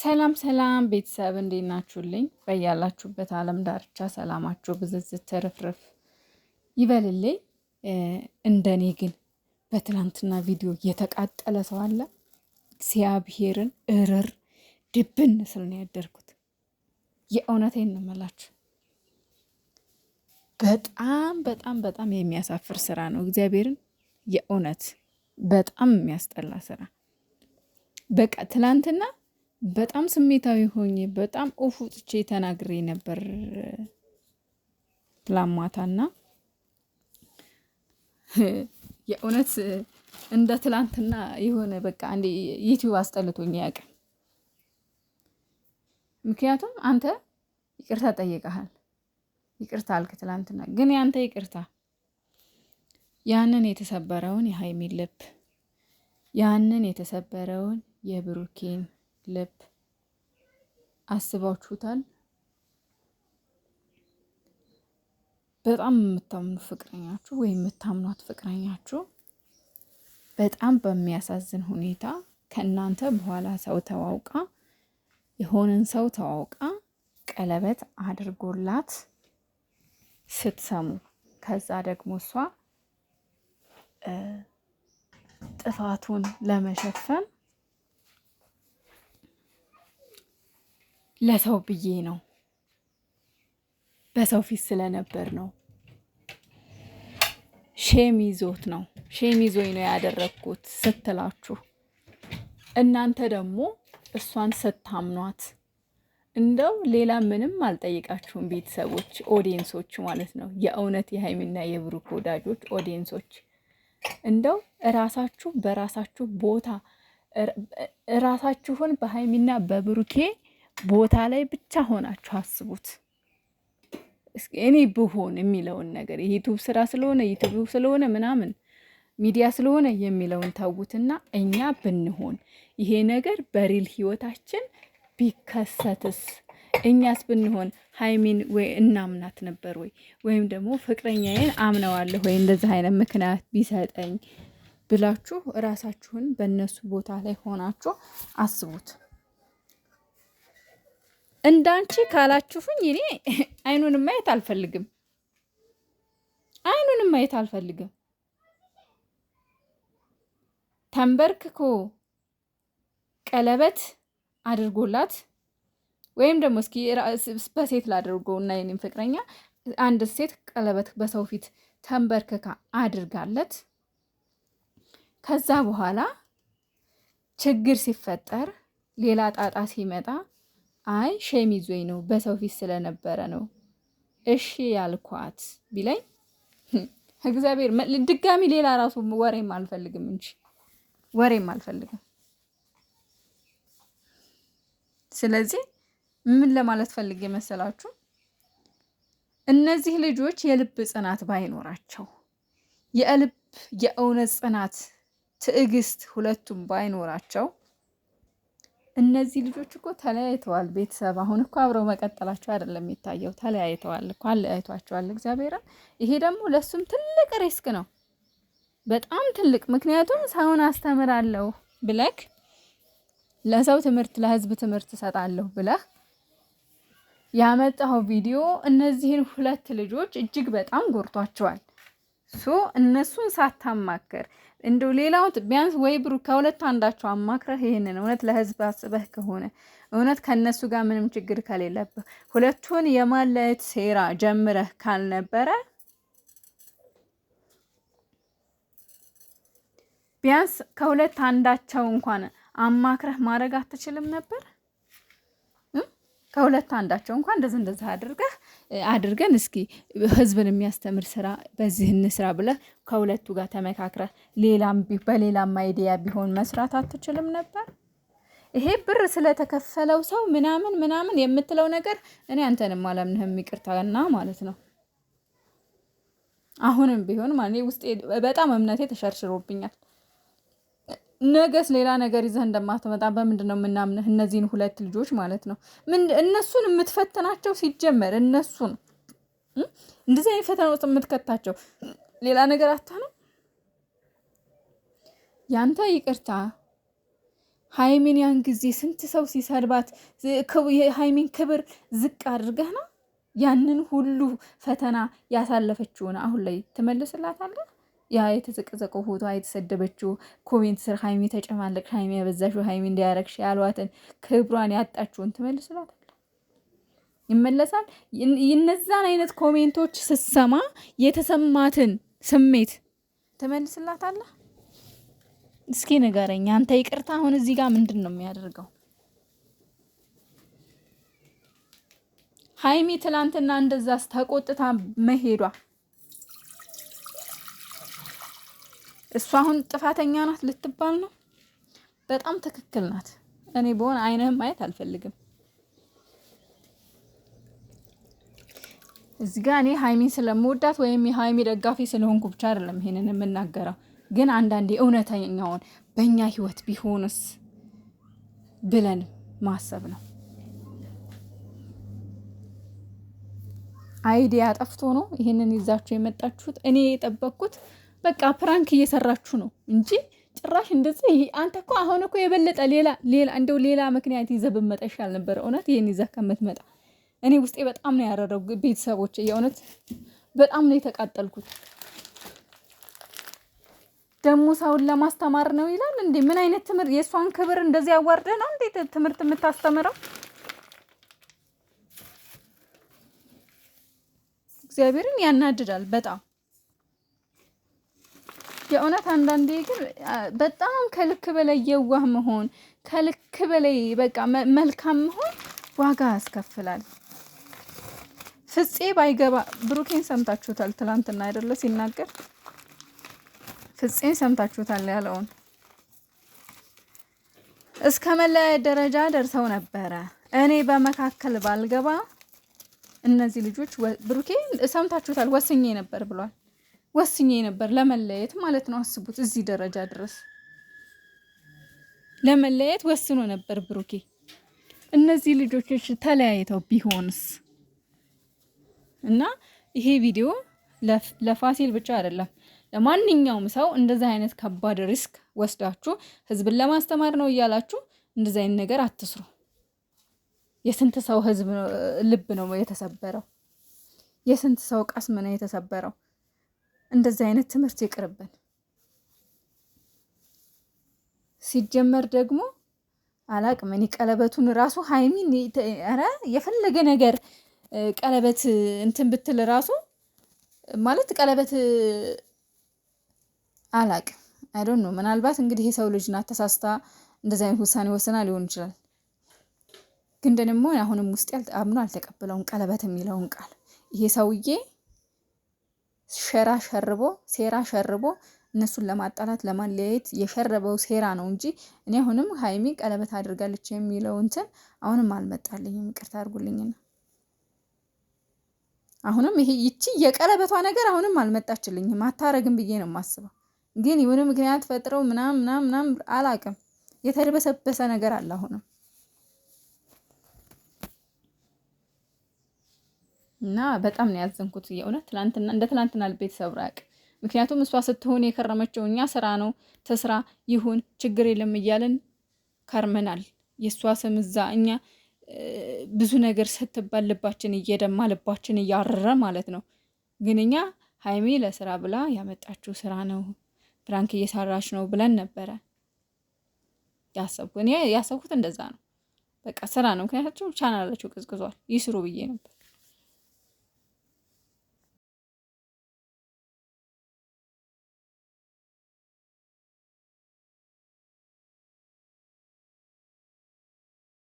ሰላም ሰላም ቤተሰብ እንዴት ናችሁልኝ? በያላችሁበት ዓለም ዳርቻ ሰላማችሁ ብዝዝት ትርፍርፍ ይበልልኝ። እንደኔ ግን በትናንትና ቪዲዮ የተቃጠለ ሰው አለ። እግዚአብሔርን እርር ድብን ስል ነው ያደርኩት። የእውነቴን እንመላችሁ በጣም በጣም በጣም የሚያሳፍር ስራ ነው። እግዚአብሔርን የእውነት በጣም የሚያስጠላ ስራ በቃ ትናንትና በጣም ስሜታዊ ሆኜ በጣም ኦፍ ወጥቼ ተናግሬ ነበር ትላንት ማታና የእውነት እንደ ትላንትና የሆነ በቃ አንዴ ዩቲዩብ አስጠልቶኝ ያቀ ምክንያቱም አንተ ይቅርታ ጠይቀሃል፣ ይቅርታ አልክ ትላንትና። ግን ያንተ ይቅርታ ያንን የተሰበረውን የሀይሚን ልብ ያንን የተሰበረውን የብሩኬን ልብ አስባችሁታል? በጣም የምታምኑ ፍቅረኛችሁ ወይም የምታምኗት ፍቅረኛችሁ በጣም በሚያሳዝን ሁኔታ ከእናንተ በኋላ ሰው ተዋውቃ የሆነን ሰው ተዋውቃ ቀለበት አድርጎላት ስትሰሙ ከዛ ደግሞ እሷ ጥፋቱን ለመሸፈን ለሰው ብዬ ነው። በሰው ፊት ስለነበር ነው። ሼም ይዞት ነው ሼም ይዞኝ ነው ያደረግኩት ስትላችሁ እናንተ ደግሞ እሷን ስታምኗት እንደው ሌላ ምንም አልጠይቃችሁም። ቤተሰቦች ኦዲየንሶች ማለት ነው የእውነት የሀይሚና የብሩክ ወዳጆች ኦዲየንሶች እንደው እራሳችሁ በራሳችሁ ቦታ እራሳችሁን በሀይሚና በብሩኬ ቦታ ላይ ብቻ ሆናችሁ አስቡት። እኔ ብሆን የሚለውን ነገር የዩቱብ ስራ ስለሆነ ዩቱብ ስለሆነ ምናምን ሚዲያ ስለሆነ የሚለውን ተዉትና እኛ ብንሆን ይሄ ነገር በሪል ህይወታችን ቢከሰትስ እኛስ ብንሆን ሀይሚን ወይ እናምናት ነበር ወይ ወይም ደግሞ ፍቅረኛዬን አምነዋለሁ ወይ እንደዚህ አይነት ምክንያት ቢሰጠኝ ብላችሁ እራሳችሁን በእነሱ ቦታ ላይ ሆናችሁ አስቡት። እንዳንቺ ካላችሁኝ እኔ አይኑን ማየት አልፈልግም። አይኑን ማየት አልፈልግም። ተንበርክኮ ቀለበት አድርጎላት ወይም ደግሞ እስኪ በሴት ላድርጎ እና የኔም ፍቅረኛ አንድ ሴት ቀለበት በሰው ፊት ተንበርክካ አድርጋለት ከዛ በኋላ ችግር ሲፈጠር ሌላ ጣጣ ሲመጣ አይ ሼም ይዞኝ ነው በሰው ፊት ስለነበረ ነው እሺ ያልኳት ቢለኝ እግዚአብሔር ድጋሚ ሌላ ራሱ ወሬም አልፈልግም እንጂ ወሬም አልፈልግም። ስለዚህ ምን ለማለት ፈልግ የመሰላችሁ እነዚህ ልጆች የልብ ጽናት ባይኖራቸው የልብ የእውነት ጽናት ትዕግስት ሁለቱም ባይኖራቸው እነዚህ ልጆች እኮ ተለያይተዋል። ቤተሰብ አሁን እኮ አብረው መቀጠላቸው አይደለም የሚታየው፣ ተለያይተዋል እኮ አለያይቷቸዋል። እግዚአብሔርን ይሄ ደግሞ ለእሱም ትልቅ ሪስክ ነው፣ በጣም ትልቅ። ምክንያቱም ሰውን አስተምራለሁ ብለክ ለሰው ትምህርት ለህዝብ ትምህርት እሰጣለሁ ብለህ ያመጣው ቪዲዮ እነዚህን ሁለት ልጆች እጅግ በጣም ጎርቷቸዋል። ሶ እነሱን ሳታማክር እንደው ሌላው ቢያንስ ወይ ብሩ ከሁለት አንዳቸው አማክረህ ይህንን እውነት ለህዝብ አስበህ ከሆነ እውነት ከነሱ ጋር ምንም ችግር ከሌለብህ ሁለቱን የማለት ሴራ ጀምረህ ካልነበረ ቢያንስ ከሁለት አንዳቸው እንኳን አማክረህ ማድረግ አትችልም ነበር? ከሁለት አንዳቸው እንኳን እንደዚህ እንደዚህ አድርገህ አድርገን እስኪ ህዝብን የሚያስተምር ስራ በዚህ እንስራ ብለህ ከሁለቱ ጋር ተመካክረህ ሌላም በሌላም አይዲያ ቢሆን መስራት አትችልም ነበር? ይሄ ብር ስለተከፈለው ሰው ምናምን ምናምን የምትለው ነገር እኔ አንተንም አላምንህም፣ ይቅርታና ማለት ነው። አሁንም ቢሆን ማለት ውስጤ በጣም እምነቴ ተሸርሽሮብኛል። ነገስ ሌላ ነገር ይዘህ እንደማትመጣ በምንድን ነው የምናምንህ? እነዚህን ሁለት ልጆች ማለት ነው። እነሱን የምትፈትናቸው ሲጀመር እነሱን እንደዚህ አይነት ፈተና ውስጥ የምትከታቸው ሌላ ነገር አታ ነው። ያንተ ይቅርታ ሀይሚን ያን ጊዜ ስንት ሰው ሲሰድባት የሀይሚን ክብር ዝቅ አድርገህ ነው ያንን ሁሉ ፈተና ያሳለፈችውን አሁን ላይ ትመልስላታለህ? ያ የተዘቀዘቀው ፎቶ የተሰደበችው ኮሜንት ስር ሀይሚ ተጨማለቅ ሀይሚ ያበዛሽው ሀይሚ እንዲያረግሽ ያሏትን ክብሯን ያጣችውን ትመልስላታል። ይመለሳል። እነዛን አይነት ኮሜንቶች ስትሰማ የተሰማትን ስሜት ትመልስላታለህ? እስኪ ንገረኝ አንተ። ይቅርታ አሁን እዚህ ጋር ምንድን ነው የሚያደርገው? ሀይሚ ትላንትና እንደዛ ተቆጥታ መሄዷ እሷ አሁን ጥፋተኛ ናት ልትባል ነው። በጣም ትክክል ናት። እኔ በሆነ አይንህም ማየት አልፈልግም። እዚህ ጋር እኔ ሀይሚን ስለምወዳት ወይም የሀይሚ ደጋፊ ስለሆንኩ ብቻ አይደለም ይሄንን የምናገረው። ግን አንዳንዴ እውነተኛውን በእኛ ህይወት ቢሆንስ ብለን ማሰብ ነው። አይዲያ ጠፍቶ ነው ይህንን ይዛችሁ የመጣችሁት። እኔ የጠበቅኩት በቃ ፕራንክ እየሰራችሁ ነው እንጂ ጭራሽ እንደዚህ አንተ እኮ አሁን እኮ የበለጠ ሌላ ሌላ እንደው ሌላ ምክንያት ይዘህ ብትመጣ ይሻል ነበር። እውነት ይህን ይዘህ ከምትመጣ እኔ ውስጤ በጣም ነው ያረረው። ቤተሰቦች የእውነት በጣም ነው የተቃጠልኩት። ደግሞ ሰውን ለማስተማር ነው ይላል እንዴ! ምን አይነት ትምህርት? የእሷን ክብር እንደዚህ ያዋርደ ነው እንዴት ትምህርት የምታስተምረው? እግዚአብሔርን ያናድዳል በጣም የእውነት አንዳንዴ ግን በጣም ከልክ በላይ የዋህ መሆን ከልክ በላይ በቃ መልካም መሆን ዋጋ ያስከፍላል። ፍፄ ባይገባ ብሩኬን ሰምታችሁታል። ትላንትና አይደለ ሲናገር ፍፄን ሰምታችሁታል ያለውን እስከ መለያየት ደረጃ ደርሰው ነበረ። እኔ በመካከል ባልገባ እነዚህ ልጆች ብሩኬ ሰምታችሁታል፣ ወስኜ ነበር ብሏል። ወስኜ ነበር ለመለየት ማለት ነው። አስቡት እዚህ ደረጃ ድረስ ለመለየት ወስኖ ነበር ብሩኬ። እነዚህ ልጆች ተለያይተው ቢሆንስ? እና ይሄ ቪዲዮ ለፋሲል ብቻ አይደለም ለማንኛውም ሰው እንደዚህ አይነት ከባድ ሪስክ ወስዳችሁ ህዝብን ለማስተማር ነው እያላችሁ እንደዚህ አይነት ነገር አትስሩ። የስንት ሰው ህዝብ ልብ ነው የተሰበረው? የስንት ሰው ቀስም ነው የተሰበረው? እንደዚህ አይነት ትምህርት ይቅርብን። ሲጀመር ደግሞ አላቅም እኔ ቀለበቱን ራሱ ሀይሚን ኧረ የፈለገ ነገር ቀለበት እንትን ብትል ራሱ ማለት ቀለበት አላቅም አይዶን ነው። ምናልባት እንግዲህ የሰው ልጅ ናት ተሳስታ እንደዚህ አይነት ውሳኔ ወስና ሊሆን ይችላል። ግን ደግሞ አሁንም ውስጥ አምኖ አልተቀበለውም ቀለበት የሚለውን ቃል ይሄ ሰውዬ ሸራ ሸርቦ ሴራ ሸርቦ እነሱን ለማጣላት ለማለያየት የሸረበው ሴራ ነው እንጂ እኔ አሁንም ሀይሚ ቀለበት አድርጋለች የሚለው እንትን አሁንም አልመጣልኝም። ይቅርታ አድርጉልኝና አሁንም ይሄ ይቺ የቀለበቷ ነገር አሁንም አልመጣችልኝም። አታረግም ብዬ ነው የማስበው። ግን ይሁን ምክንያት ፈጥረው ምናም ምናም ምናም አላቅም። የተደበሰበሰ ነገር አለ አሁንም እና በጣም ነው ያዘንኩት የእውነት ትናንትና እንደ ትላንትና ልቤ ተሰብሮ ምክንያቱም እሷ ስትሆን የከረመችው እኛ ስራ ነው ተስራ ይሁን ችግር የለም እያለን ከርመናል። የእሷ ስም እዛ እኛ ብዙ ነገር ስትባል ልባችን እየደማ ልባችን እያረረ ማለት ነው። ግን እኛ ሀይሚ ለስራ ብላ ያመጣችው ስራ ነው ብራንክ እየሰራች ነው ብለን ነበረ ያሰብኩት። እኔ ያሰብኩት እንደዛ ነው። በቃ ስራ ነው። ምክንያታቸው ቻናላቸው ቅዝቅዟል ይስሩ ብዬ ነበር።